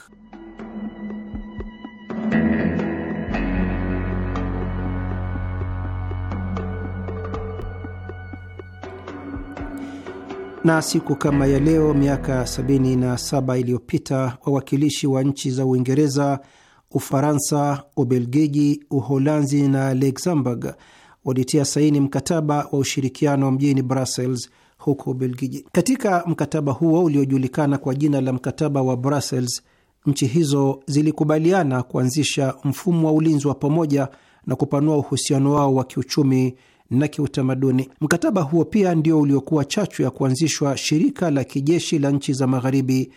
Na siku kama ya leo miaka 77 iliyopita wawakilishi wa nchi za Uingereza Ufaransa, Ubelgiji, Uholanzi na Luxembourg walitia saini mkataba wa ushirikiano mjini Brussels huko Ubelgiji. Katika mkataba huo uliojulikana kwa jina la mkataba wa Brussels, nchi hizo zilikubaliana kuanzisha mfumo wa ulinzi wa pamoja na kupanua uhusiano wao wa kiuchumi na kiutamaduni. Mkataba huo pia ndio uliokuwa chachu ya kuanzishwa shirika la kijeshi la nchi za magharibi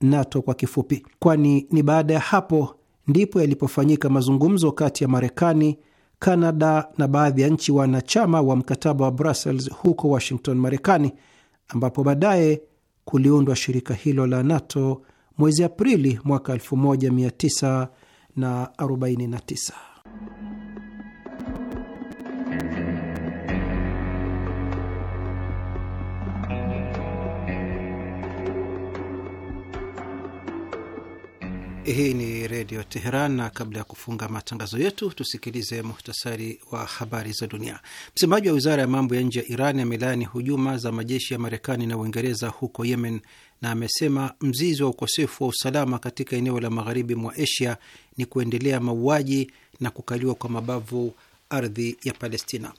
NATO kwa kifupi, kwani ni baada ya hapo ndipo yalipofanyika mazungumzo kati ya Marekani, Kanada na baadhi ya nchi wanachama wa mkataba wa Brussels huko Washington, Marekani, ambapo baadaye kuliundwa shirika hilo la NATO mwezi Aprili mwaka 1949. Hii ni Redio Teheran, na kabla ya kufunga matangazo yetu tusikilize muhtasari wa habari za dunia. Msemaji wa wizara ya mambo ya nje ya Iran amelaani hujuma za majeshi ya Marekani na Uingereza huko Yemen na amesema mzizi wa ukosefu wa usalama katika eneo la magharibi mwa Asia ni kuendelea mauaji na kukaliwa kwa mabavu ardhi ya Palestina.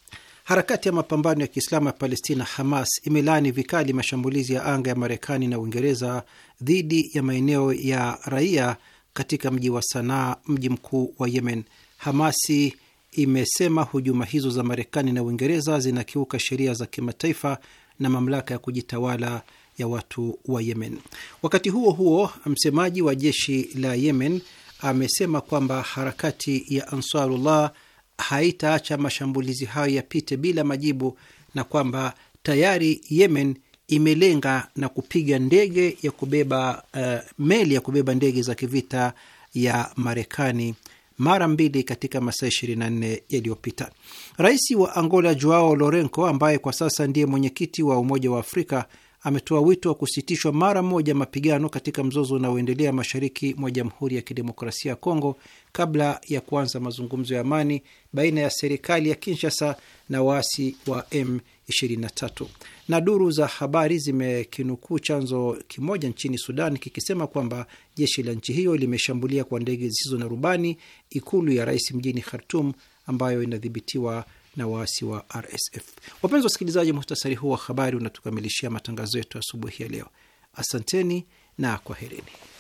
Harakati ya mapambano ya Kiislamu ya Palestina, Hamas, imelaani vikali mashambulizi ya anga ya Marekani na Uingereza dhidi ya maeneo ya raia katika mji wa Sanaa, mji mkuu wa Yemen. Hamasi imesema hujuma hizo za Marekani na Uingereza zinakiuka sheria za kimataifa na mamlaka ya kujitawala ya watu wa Yemen. Wakati huo huo, msemaji wa jeshi la Yemen amesema kwamba harakati ya Ansarullah haitaacha mashambulizi hayo yapite bila majibu na kwamba tayari Yemen imelenga na kupiga ndege ya kubeba uh, meli ya kubeba ndege za kivita ya Marekani mara mbili katika masaa 24 yaliyopita. Rais wa Angola Joao lorenco ambaye kwa sasa ndiye mwenyekiti wa Umoja wa Afrika, ametoa wito wa kusitishwa mara moja mapigano katika mzozo unaoendelea mashariki mwa Jamhuri ya Kidemokrasia ya Kongo kabla ya kuanza mazungumzo ya amani baina ya serikali ya Kinshasa na waasi wa M 23. Na duru za habari zimekinukuu chanzo kimoja nchini Sudan kikisema kwamba jeshi la nchi hiyo limeshambulia kwa ndege zisizo na rubani ikulu ya rais mjini Khartum ambayo inadhibitiwa na waasi wa RSF. Wapenzi wasikilizaji, muhtasari huu wa habari unatukamilishia matangazo yetu asubuhi ya leo. Asanteni na kwaherini.